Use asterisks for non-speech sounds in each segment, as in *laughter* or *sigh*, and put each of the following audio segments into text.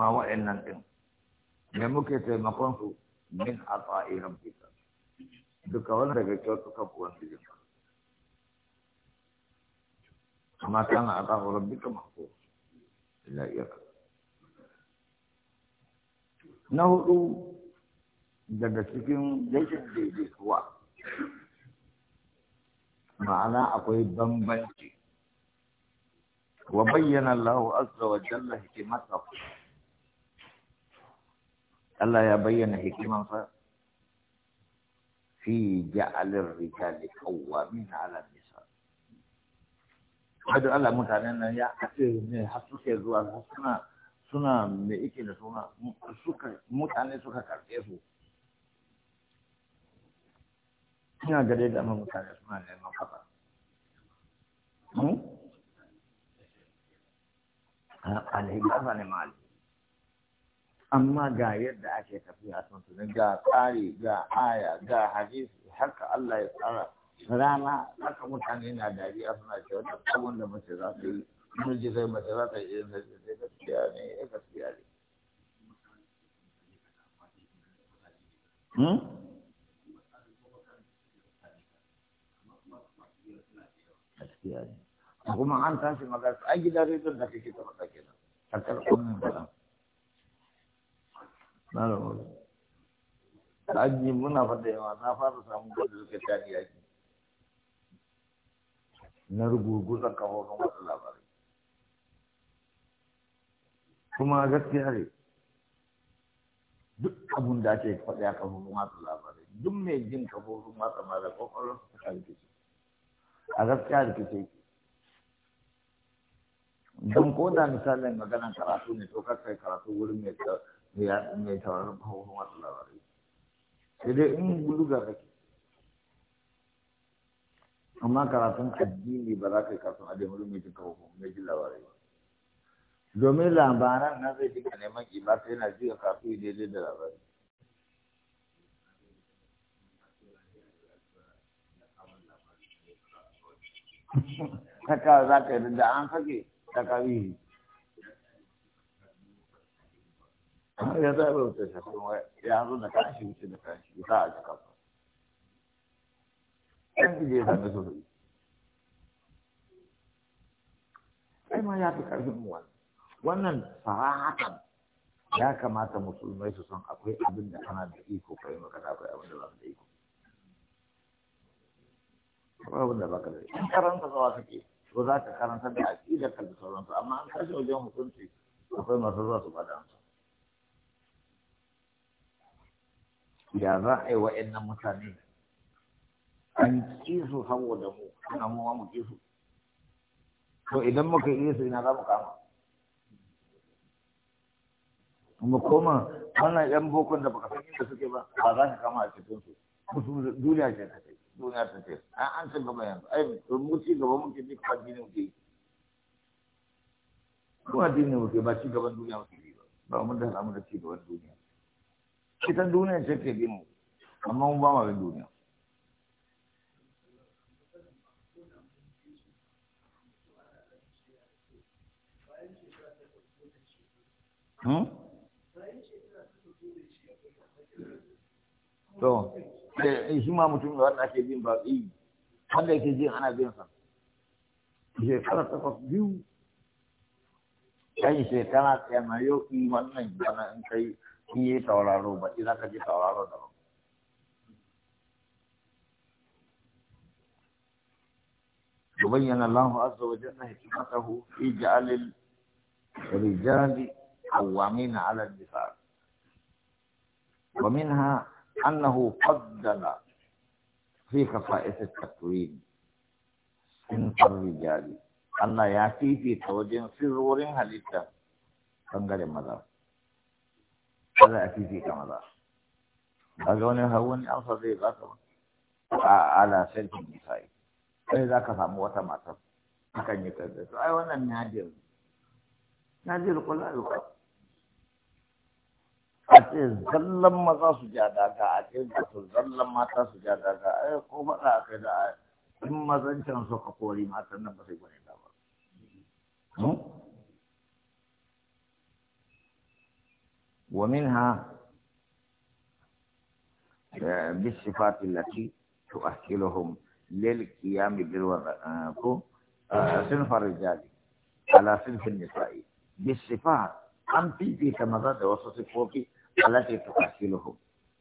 ma nan din me muke taimakon su min ata'i rabbika duka wani daga kyautuka kuwan su jin Kama kana ata'u rabbika mahfuz illa iyaka na hudu daga cikin daidai daidaituwa ma'ana akwai bambanci wa bayyana Allah azza wa jalla hikimatahu الله يبين حكمة في جعل الرجال قوامين على النساء هذا الله متعلن يا أخي من حسوك الزوال حسنا سنا ميكين سنا سوك متعلن سوك كاركيفو هنا جديد أما متعلن سنا لما فقط هم؟ أنا أه، أليه بأفعل مالي amma ga yadda ake tafiya sun tuni ga tsari ga aya ga hadisi haka Allah ya tsara rana haka mutane na dariya suna ce wata abin da mace za ta yi miji sai mace za ta yi irin da sai ne eh, ya hmm? ne kuma an tashi magana a gidan rediyon da kake ta masa kenan a karɓar na rabu aji muna fada yawa na fara samun gudu suka tafi yaki na rugurguzan kafofin wasu labarai kuma gaskiya ne duk abun da ake faɗi a kafofin wasu labarai duk mai jin kafofin wasu labarai kwakwalwar su ta rikici a gaskiya rikici don ko da misalin magana karatu ne to kakai karatu wurin mai ya mai tawarin kawon watsa labarai sai dai in buluga kake amma karatun addini ba za ka yi karatun addini wurin mai jin kawon mai jin labarai ba domin labaran na zai dinga neman ƙiba sai yana jiya kafin daidai da labarai Kaka *laughs* za ka yi da an fage ta kawai ya za a bai wuce shafin waya ya zo da kashi wuce da kashi ya sa a jaka ba ɗan gije ya sami su zai ai ma ya fi ƙarfin mu wani. wannan sarahatan ya kamata musulmai su san akwai abin da kana da iko kai maka da akwai abin da ba da iko akwai abin da ba ka da iko karanta zawa kake ko za ka karanta da aƙidar ka da sauransu amma an kashe wajen hukunci akwai masu zuwa su faɗa su ya za a yi wa'annan mutane an ci su saboda mu suna muwa mu ci su to idan muka yi su ina za mu kama mu koma wannan yan bokon da baka san inda suke ba ba za ka kama a cikin su musu duniya ce ta kai duniya ta ce an an ci gaba yanzu ai mu ci gaba muke ne kuma addini muke yi kuma addini muke ba ci gaban duniya muke yi ba ba mun da alamu da ci gaban duniya Kita duniya ce ke bi mu amma mu ba ma bin duniya hmm? to eh, shi ma mutum da wanda ake bin ba eh, wanda yake jin ana bin sa shekara kwas biyu kan shekara ta na yau ki eh, wannan gana in kai in yi tauraro ba za ka ji tauraro da ba يبين الله عز وجل حكمته في جعل الرجال قوامين على النساء ومنها أنه فضل في خصائص التكوين صنف الرجال أن يأتي في توجه سرور هلتا تنقل مدار Allah ya fifita maza a ga wani har wani amsa zai ba ka a ala sarkin nisa'i sai za ka samu wata matar kan yi karfe to ai wannan nadir nadir kula da ku a ce zallan maza su ja daga a ce su zallan mata su ja daga yi ko faɗa a kai da in mazancan suka kori matan nan ba sai gwani da ba hmm? ومنها آه، بالصفات التي تؤهلهم للقيام بالوظائف آه، آه، صنف الرجال على صنف النساء بالصفات أم في تمرد وصفوك التي تؤهلهم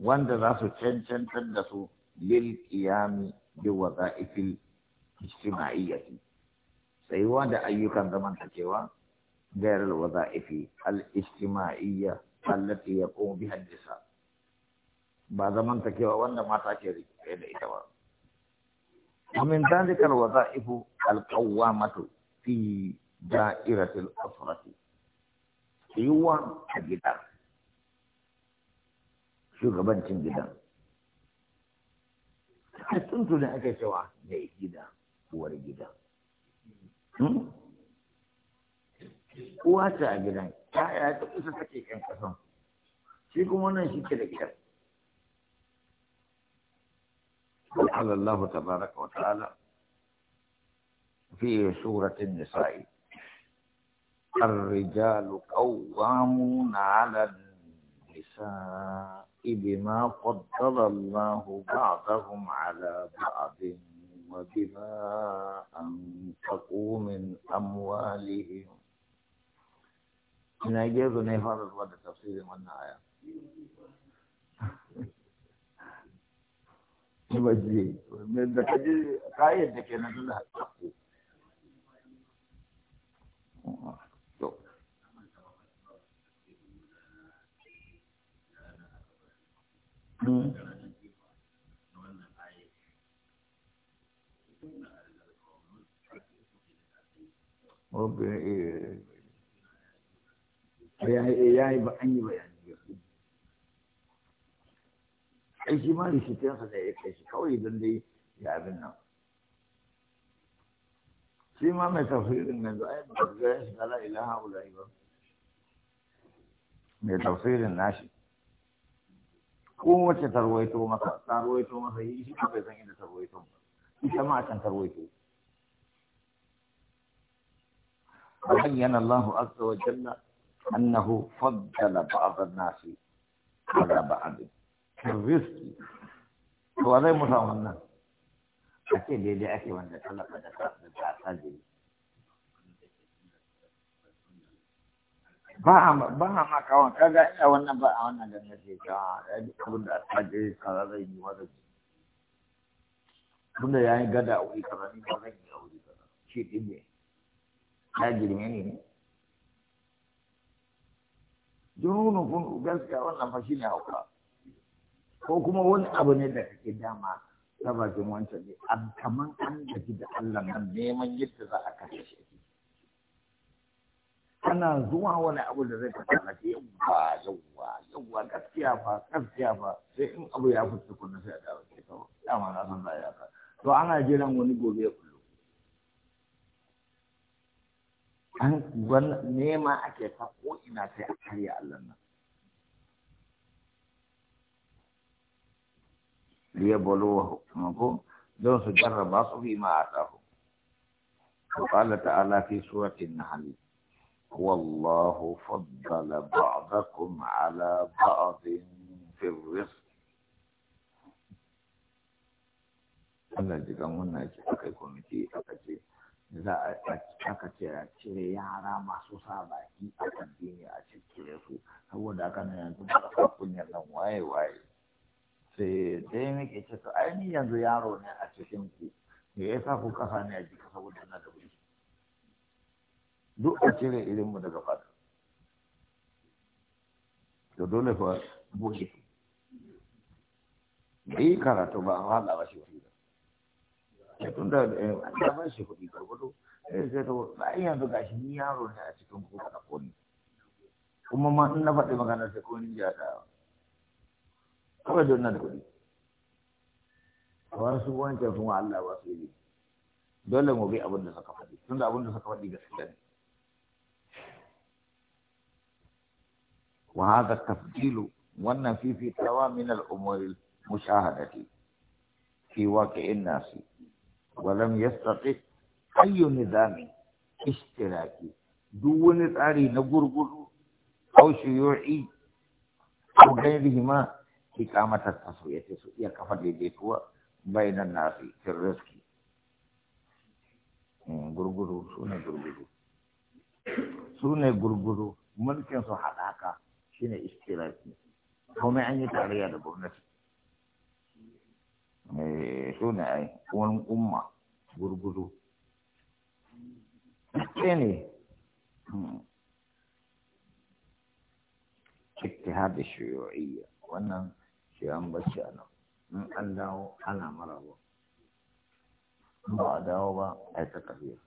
وند ذات تشنشن تدسو للقيام بوظائف الاجتماعية سيوان أيوكا زمن تكيوا غير الوظائف الاجتماعية sallafi ya ko bi hadisa ba zaman kewa wanda mata ke rike da ita ba amin dan zikar wata ifu alqawamatu fi dairatil afrati yuwa gida shugabancin gida ta tuntu da ake cewa mai gida uwar gida hmm? kuasa ce a gidan ya'ya ta kusa take kan kasan shi kuma nan shi ke da gidan قال الله تبارك وتعالى في سورة النساء الرجال قوامون على النساء بما فضل الله بعضهم على بعض وبما أنفقوا من أموالهم ina gezo ne fara zuwa da tafsirin wannan aya waje da ka kayan da ke nan suna haƙo hmm. Obin eh. آیا با انجی بیانی گیا ایسی مالی شتیان خدا ایک ایسی کوئی دندی جاب نا سیما میں تفریر میں دعائی بردگئے سکالا الہا اولائی با میں تفریر ناشی قومت سے تروئی تو مکا تروئی تو مکا ایسی کا پیسنگی نا تروئی تو مکا ایسی ماشن تروئی تو حيّن الله عز وجل أنه فضل بعض الناس على بعض الرزق هو زي مساوانا أكيد دي دي أكي وانا تلقى دكتور ba ba ma kawon kaga ina wannan ba a wannan da nake ka abin da je kaza zai yi wanda tunda ya yi gada a wuri kaza ne ba zan yi a wuri kaza shi din ne ya girme ne jununun kun gaskiya wannan fa shine hauka ko kuma wani abu ne da kake dama ta bakin wancan ne a kaman an gaji da Allah nan neman yadda za a kashe shi ana zuwa wani abu da zai kasa na ce yawwa yawwa yawwa gaskiya ba gaskiya ba sai in abu ya fita na sai a dawo ke kawai dama na san za a yi haka to ana jiran wani gobe ya kullu an nema ake ta ko ina sai a karya Allah nan liyabluwahu mako don su jarraba su bi ma atahu وقال تعالى في سورة النحل والله فضل بعضكم على بعض في الرزق Allah ji kan wannan ake aka yi kwamiti aka ce za a aka ce a cire yara masu sa baki a addini a cire su saboda haka na yanzu ba ka kunyar nan waye waye sai dai nake ce to ni yanzu yaro ne a cikin ku me yasa ku kasa ne a jika saboda na da wuri duk a cire irin mu daga fata to dole fa buge yi karatu ba a ba shi wani tun da ya eh, ba shi kuɗi gwargwado eh, sai sai to bayan yanzu gashi ni yaro ne a cikin kuka da koli. kuma ma in na faɗi magana sai koni ya da kawai don na da kuɗi kamar su wancan sun Allah ba su yi dole mu bi abin da suka faɗi tun da abin da suka faɗi gaskiya ne وهذا التفضيل والنفي في تمام من الأمور المشاهدة في واقع الناس walam yastati ayyu nizami ishtiraki duk wani tsari na gurgudu aw shuyu'i aw ghairihima iqamata tasawiyati su iya kafa daidaituwa bainan nasi fil rizqi hmm, gurgudu sune gurgudu sune gurgudu mulkin su hadaka shine ishtiraki kuma an yi tarayya da gwamnati mai eh, suna wani umma gurguru ɗaya ne hmm. ittihad shiyoyi wannan shiyan bashi bacci a nan in an dawo ana maraba ba a dawo ba a yi ta kafiya